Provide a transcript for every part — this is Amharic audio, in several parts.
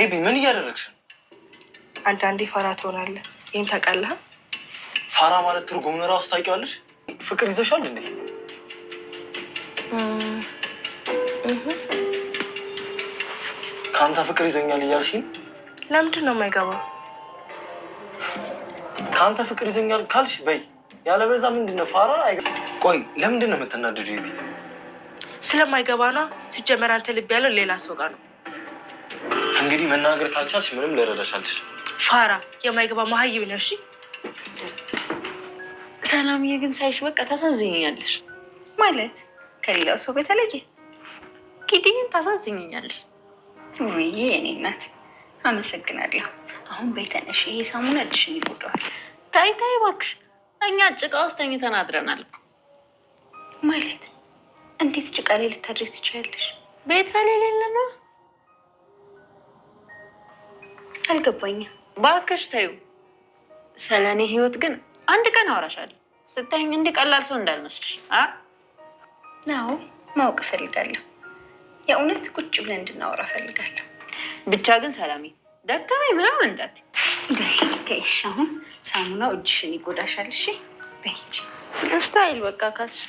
ቤቢ ምን እያደረግሽ ነው? አንዳንዴ ፋራ ትሆናለህ። ይህን ታውቃለህ? ፋራ ማለት ትርጉሙን እራሱ ታውቂዋለሽ? ፍቅር ይዘሻል እንዴ? ከአንተ ፍቅር ይዘኛል እያልሽ ለምንድን ነው የማይገባው? ከአንተ ፍቅር ይዘኛል ካልሽ በይ፣ ያለበዛ ምንድን ነው ፋራ። ቆይ ለምንድን ነው የምትናደዱ? ስለማይገባ ነዋ። ሲጀመር አንተ ልብ ያለው ሌላ ሰው ጋር ነው እንግዲህ መናገር ካልቻልሽ ምንም ልረዳሽ አልችልም። ፋራ የማይገባ መሀይብ ነው። እሺ ሰላምዬ፣ ግን ሳይሽ በቃ ታሳዝኝኛለሽ። ማለት ከሌላው ሰው በተለየ ኪድኝን ታሳዝኝኛለሽ። ውይ እኔ እናት አመሰግናለሁ። አሁን ቤተነሽ ይሄ ሳሙና ድሽን ይጎዳዋል። ታይ ታይ እባክሽ፣ እኛ ጭቃ ውስጥ ተኝተን አድረናል። ማለት እንዴት ጭቃ ላይ ልታድሪ ትችያለሽ? ቤት ሰሌ ነው አልገባኝም። እባክሽ ተይው። ስለ እኔ ህይወት ግን አንድ ቀን አወራሻለሁ። ስታይኝ እንዲህ ቀላል ሰው እንዳልመስልሽ። አዎ ማወቅ እፈልጋለሁ። የእውነት ቁጭ ብለን እንድናወራ እፈልጋለሁ። ብቻ ግን ሰላሜ ደከመኝ ምናምን እንዳትዪ። በይተሽ አሁን ሳሙናው እጅሽን ይጎዳሻል። እሺ በይ ስታይል በቃ ካልሽ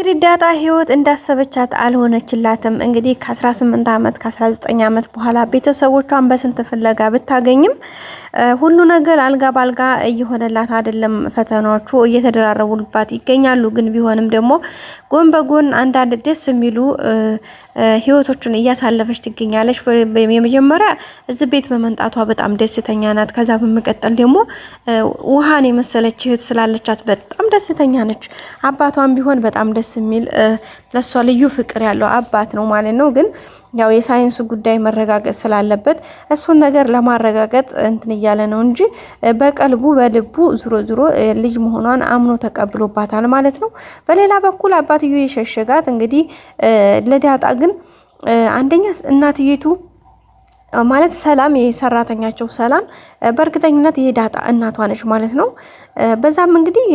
እንግዲህ ዳጣ ህይወት እንዳሰበቻት አልሆነችላትም። እንግዲህ ከ18 ዓመት ከ19 ዓመት በኋላ ቤተሰቦቿን በስንት ፍለጋ ብታገኝም ሁሉ ነገር አልጋ ባልጋ እየሆነላት አይደለም። ፈተናዎቹ እየተደራረቡባት ይገኛሉ። ግን ቢሆንም ደግሞ ጎን በጎን አንዳንድ ደስ የሚሉ ህይወቶችን እያሳለፈች ትገኛለች። የመጀመሪያ እዚህ ቤት በመምጣቷ በጣም ደስተኛ ናት። ከዛ በመቀጠል ደግሞ ውሃን የመሰለች እህት ስላለቻት በጣም ደስተኛ ነች። አባቷን ቢሆን በጣም ደስ የሚል ለሷ ልዩ ፍቅር ያለው አባት ነው ማለት ነው። ግን ያው የሳይንስ ጉዳይ መረጋገጥ ስላለበት እሱን ነገር ለማረጋገጥ እንትን እያለ ነው እንጂ በቀልቡ በልቡ ዝሮ ዝሮ ልጅ መሆኗን አምኖ ተቀብሎባታል ማለት ነው። በሌላ በኩል አባትዮ የሸሸጋት እንግዲህ ለዳጣ ግን አንደኛ እናትዬቱ ማለት ሰላም የሰራተኛቸው ሰላም በእርግጠኝነት የዳጣ እናቷ ነች ማለት ነው። በዛም እንግዲህ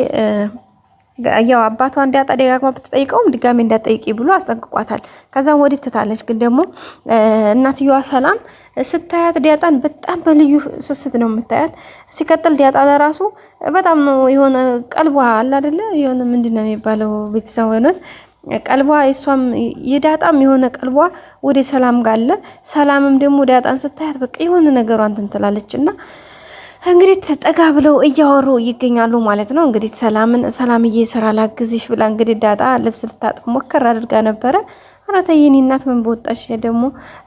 ያው አባቷ እንዲያጣ ደጋግማ ብትጠይቀውም ድጋሜ እንዳጠይቂ ብሎ አስጠንቅቋታል። ከዛም ወዲህ ትታለች። ግን ደግሞ እናትየዋ ሰላም ስታያት ዲያጣን በጣም በልዩ ስስት ነው የምታያት። ሲቀጥል ዲያጣ ለራሱ በጣም ነው የሆነ ቀልቧ አለ አደለ የሆነ ምንድን ነው የሚባለው ቤተሰብ ሆነት ቀልቧ እሷም የዳጣም የሆነ ቀልቧ ወደ ሰላም ጋለ። ሰላምም ደግሞ ዳጣን ስታያት በቃ የሆነ ነገሯን ትንትላለች እና እንግዲህ ጠጋ ብለው እያወሩ ይገኛሉ ማለት ነው። እንግዲህ ሰላምን ሰላምዬ ስራ ላግዝሽ ብላ እንግዲህ ዳጣ ልብስ ልታጥብ ሞከር አድርጋ ነበረ። አራታ የኔ እናት ምን በወጣሽ ደግሞ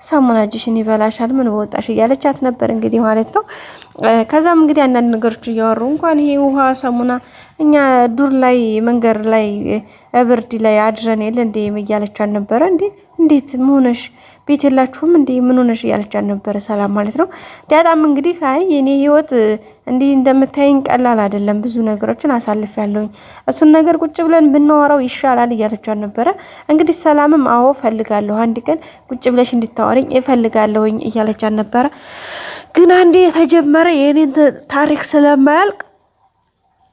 ሳሙናጅሽን ይበላሻል ምን በወጣሽ እያለቻት ነበር እንግዲህ ማለት ነው። ከዛም እንግዲህ አንዳንድ ነገሮች እያወሩ እንኳን ይሄ ውሃ ሳሙና እኛ ዱር ላይ መንገድ ላይ እብርድ ላይ አድረን የለ እንዴ እያለቻት ነበረ እንዴ እንዴት መሆነሽ ቤት የላችሁም እንዴ ምን ሆነሽ እያለቻት ነበረ ሰላም ማለት ነው። ዳጣም እንግዲህ አይ የኔ ህይወት እንዲህ እንደምታይኝ ቀላል አይደለም፣ ብዙ ነገሮችን አሳልፍ ያለውኝ እሱን ነገር ቁጭ ብለን ብናወራው ይሻላል እያለቻት ነበረ። እንግዲህ ሰላምም አዎ ፈልጋለሁ፣ አንድ ቀን ቁጭ ብለሽ እንድታወሪኝ እፈልጋለሁኝ እያለቻት ነበረ። ግን አንዴ የተጀመረ የኔ ታሪክ ስለማያልቅ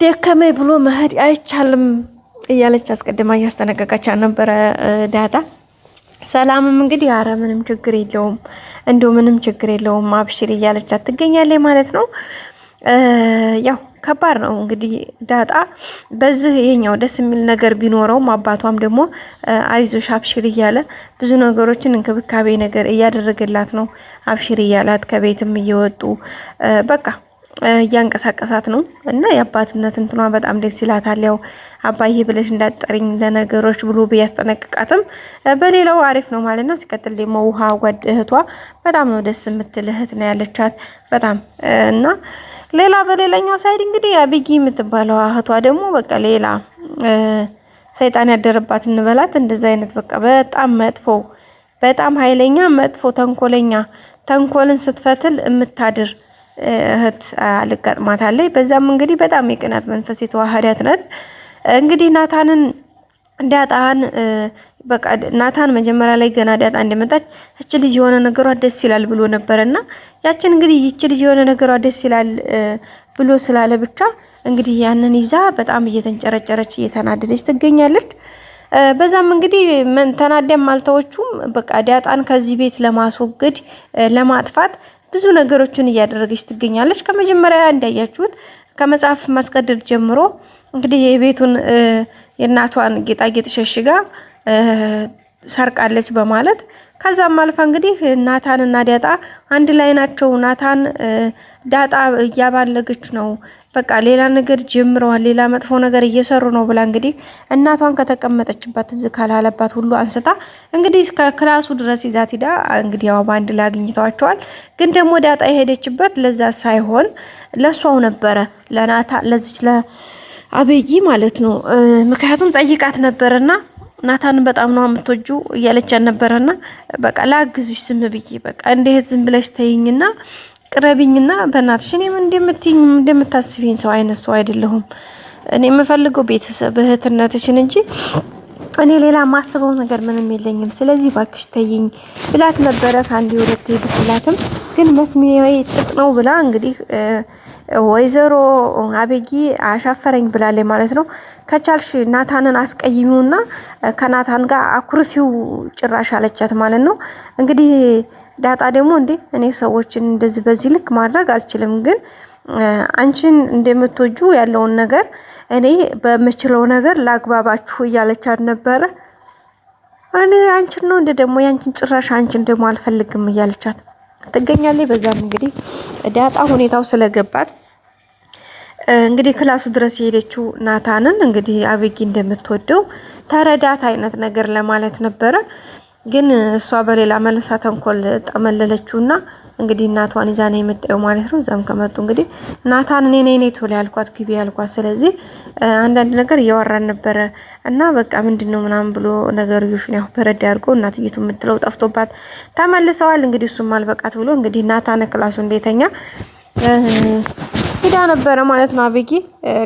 ደከመኝ ብሎ መሄድ አይቻልም እያለች አስቀድማ እያስጠነቀቀቻት ነበረ ዳጣ ሰላምም እንግዲህ አረ ምንም ችግር የለውም እንዶ ምንም ችግር የለውም አብሽር እያለቻት ትገኛለች ማለት ነው። ያው ከባድ ነው እንግዲህ ዳጣ በዚህ ይሄኛው ደስ የሚል ነገር ቢኖረውም አባቷም ደግሞ አይዞሽ አብሽር እያለ ብዙ ነገሮችን እንክብካቤ ነገር እያደረገላት ነው። አብሽር እያላት ከቤትም እየወጡ በቃ እያንቀሳቀሳት ነው እና የአባትነት እንትኗ በጣም ደስ ይላታል። ያው አባዬ ብለሽ እንዳጠሪኝ ለነገሮች ብሎ ቢያስጠነቅቃትም በሌላው አሪፍ ነው ማለት ነው። ሲቀጥል ደግሞ ውሃ ጓድ እህቷ በጣም ነው ደስ የምትል እህት ነው ያለቻት በጣም እና ሌላ በሌላኛው ሳይድ እንግዲህ አብጊ የምትባለው እህቷ ደግሞ በቃ ሌላ ሰይጣን ያደረባት እንበላት እንደዚ አይነት በቃ በጣም መጥፎ በጣም ኃይለኛ መጥፎ ተንኮለኛ ተንኮልን ስትፈትል የምታድር እህት አልጋጥማታለች። በዛም እንግዲህ በጣም የቅናት መንፈስ የተዋህዳት ናት። እንግዲህ ናታንን ዳጣን በቃ ናታን መጀመሪያ ላይ ገና ዳጣ እንደመጣች እች ልጅ የሆነ ነገሯ ደስ ይላል ብሎ ነበረና ያችን እንግዲህ ይች ልጅ የሆነ ነገሯ ደስ ይላል ብሎ ስላለ ብቻ እንግዲህ ያንን ይዛ በጣም እየተንጨረጨረች እየተናደደች ትገኛለች። በዛም እንግዲህ ተናዳም አልተወቹም። በቃ ዳጣን ከዚህ ቤት ለማስወገድ ለማጥፋት ብዙ ነገሮችን እያደረገች ትገኛለች። ከመጀመሪያ እንዳያችሁት ከመጽሐፍ ማስቀደድ ጀምሮ እንግዲህ የቤቱን የእናቷን ጌጣጌጥ ሸሽጋ ሰርቃለች በማለት ከዛም አልፋ እንግዲህ ናታን እና ዳጣ አንድ ላይ ናቸው። ናታን ዳጣ እያባለገች ነው፣ በቃ ሌላ ነገር ጀምረዋል፣ ሌላ መጥፎ ነገር እየሰሩ ነው ብላ እንግዲህ እናቷን ከተቀመጠችበት እዚህ ካላለባት ሁሉ አንስታ እንግዲህ እስከ ክላሱ ድረስ ይዛት ሂዳ እንግዲህ ያው በአንድ ላይ አግኝተዋቸዋል። ግን ደግሞ ዳጣ የሄደችበት ለዛ ሳይሆን ለእሷው ነበረ ለናታ ለዚች አበይ ማለት ነው። ምክንያቱም ጠይቃት ነበርና ናታንን በጣም ነው የምትወጁ እያለች ያልነበረና በቃ ላግዝሽ ዝም ብዬ በቃ እንዴት ዝም ብለሽ ተይኝና ቅረቢኝና በእናትሽ እኔም እንደምትይኝ እንደምታስቢኝ ሰው አይነት ሰው አይደለሁም። እኔ የምፈልገው ቤተሰብ እህትነትሽን እንጂ እኔ ሌላ ማስበው ነገር ምንም የለኝም። ስለዚህ ባክሽ ተይኝ ብላት ነበረ። ከአንድ ሁለት ብትላትም ግን መስሚያዊ ጥጥ ነው ብላ እንግዲህ ወይዘሮ አቤጊ አሻፈረኝ ብላለች ማለት ነው። ከቻልሽ ናታንን አስቀይሚውና ከናታን ጋር አኩርፊው ጭራሽ አለቻት ማለት ነው። እንግዲህ ዳጣ ደግሞ እንዴ እኔ ሰዎችን እንደዚህ በዚህ ልክ ማድረግ አልችልም፣ ግን አንቺን እንደምትወጁ ያለውን ነገር እኔ በምችለው ነገር ላግባባችሁ እያለቻት ነበረ። አንቺን ነው እንደ ደግሞ ያንቺን ጭራሽ አንቺን ደግሞ አልፈልግም እያለቻት ትገኛለች። በዛም እንግዲህ ዳጣ ሁኔታው ስለገባት እንግዲህ ክላሱ ድረስ የሄደችው ናታንን እንግዲህ አብጊ እንደምትወደው ተረዳት አይነት ነገር ለማለት ነበረ። ግን እሷ በሌላ መልሳ ተንኮል ጠመለለችውና እንግዲህ እናቷን ይዛ ነው የመጣው ማለት ነው። እዛም ከመጡ እንግዲህ እናታን እኔ ነኝ ቶሎ ያልኳት ግቢ ያልኳት፣ ስለዚህ አንዳንድ ነገር እያወራን ነበረ እና በቃ ምንድን ነው ምናምን ብሎ ነገርዮሹን ያው በረዳ አድርጎ እናትየቱ የምትለው ጠፍቶባት ተመልሰዋል። እንግዲህ እሱም አልበቃት ብሎ እንግዲህ ናታን ክላሱ እንዴተኛ ሂዳ ነበረ ማለት ነው። አቤጊ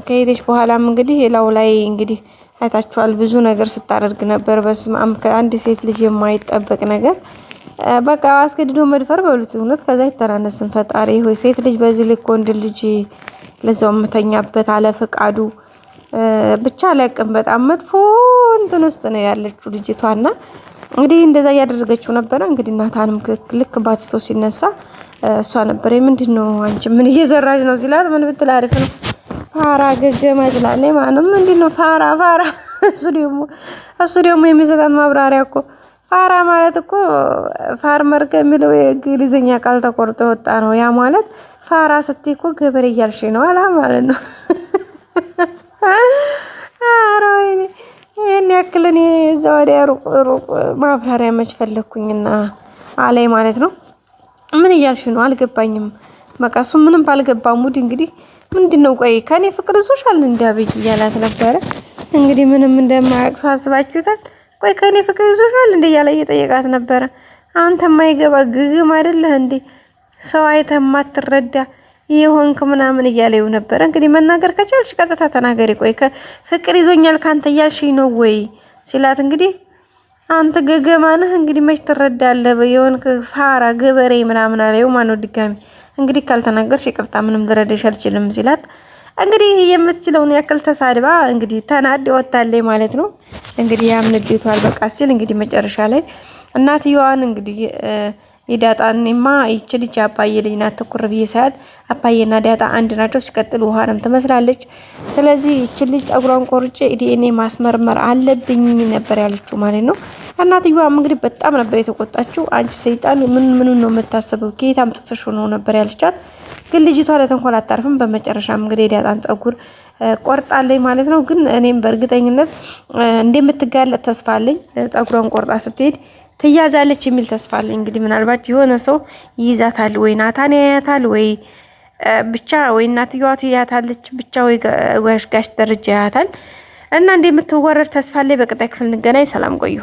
ከሄደች በኋላም እንግዲህ ላው ላይ እንግዲህ አይታችኋል። ብዙ ነገር ስታደርግ ነበር። በስማም ከአንድ ሴት ልጅ የማይጠበቅ ነገር በቃ አስገድዶ መድፈር በሉት እውነት ከዛ ይተናነስን። ፈጣሪ ሆይ ሴት ልጅ በዚህ ልክ ወንድ ልጅ ለዛው የምተኛበት አለ ፈቃዱ ብቻ አላቅም። በጣም መጥፎ እንትን ውስጥ ነው ያለችው ልጅቷና እንግዲህ እንደዛ እያደረገችው ነበረ። እንግዲህ እናታንም ልክ ባትቶ ሲነሳ እሷ ነበር የምንድን ነው አንቺ ምን እየዘራች ነው ሲላት ምን ብትል አሪፍ ነው ፋራ ገገማ ይችላለች ማንም ነው። ምንድን ነው ፋራ ፋራ? እሱ ደግሞ እሱ ደግሞ የሚሰጣት ማብራሪያ እኮ ፋራ ማለት እኮ ፋርመር ከሚለው የእንግሊዝኛ ቃል ተቆርጦ የወጣ ነው። ያ ማለት ፋራ ስትይ እኮ ገበሬ እያልሽ ነው አላ ማለት ነው። ኧረ ወይኔ ይህን ያክል እኔ እዛ ወዲያ ሩቅ ሩቅ ማብራሪያ መች ፈለግኩኝና አላይ ማለት ነው። ምን እያልሽ ነው አልገባኝም። በቃ እሱ ምንም ባልገባ ሙድ እንግዲህ ምንድን ነው ቆይ ከኔ ፍቅር ይዞሻል እንደ አብይ እያላት ነበረ። እንግዲህ ምንም እንደማያቅ ሰው አስባችሁታል። ቆይ ከኔ ፍቅር ይዞሻል እንደ እያለ እየጠየቃት ነበረ። አንተ ማይገባ ግግም አይደለህ እንዴ ሰው አይተህ የማትረዳ የሆንክ ምናምን እያለው ነበረ። እንግዲህ መናገር ከቻልሽ ቀጥታ ተናገሪ። ቆይ ከፍቅር ይዞኛል ካንተ እያልሽኝ ነው ወይ ሲላት እንግዲህ አንተ ገገማ ነህ እንግዲህ መች ትረዳለህ የሆንክ ፋራ ገበሬ ምናምን አለው። ማነው ድጋሚ እንግዲህ ካልተናገርሽ ይቅርታ ምንም ልረዳሽ አልችልም ሲላት እንግዲህ የምትችለውን ያክል ተሳድባ እንግዲህ ተናድ ወታለች ማለት ነው። እንግዲህ ያም ንዴቷ አልበቃ ሲል እንግዲህ መጨረሻ ላይ እናትየዋን እንግዲህ የዳጣኔማ ይቺ ልጅ አባዬ ልጅ ናት። ትኩር ብዬ ሳያት አባዬና ዳጣ አንድ ናቸው። ሲቀጥል ውሃንም ትመስላለች። ስለዚህ ይች ልጅ ጸጉሯን ቆርጬ ዲኤንኤ ማስመርመር አለብኝ ነበር ያለችው ማለት ነው። እናትየዋም እንግዲህ በጣም ነበር የተቆጣችው። አንቺ ሰይጣን ምን ምን ነው የምታስበው? ከየት አምጥተሽ ነው ነበር ያለቻት። ግን ልጅቷ ለተንኮል አታርፍም። በመጨረሻም እንግዲህ የዳጣን ጸጉር ቆርጣለኝ ማለት ነው። ግን እኔም በእርግጠኝነት እንደምትጋለጥ ተስፋ አለኝ። ጸጉሯን ቆርጣ ስትሄድ ትያዛለች የሚል ተስፋ አለ። እንግዲህ ምናልባት የሆነ ሰው ይይዛታል ወይ ናታን ያያታል ወይ ብቻ ወይ እናትየዋ ትያታለች ብቻ ወይ ጋሽ ደረጃ ያያታል እና እንደምትወረድ ተስፋ አለ። በቀጣይ ክፍል እንገናኝ። ሰላም ቆዩ።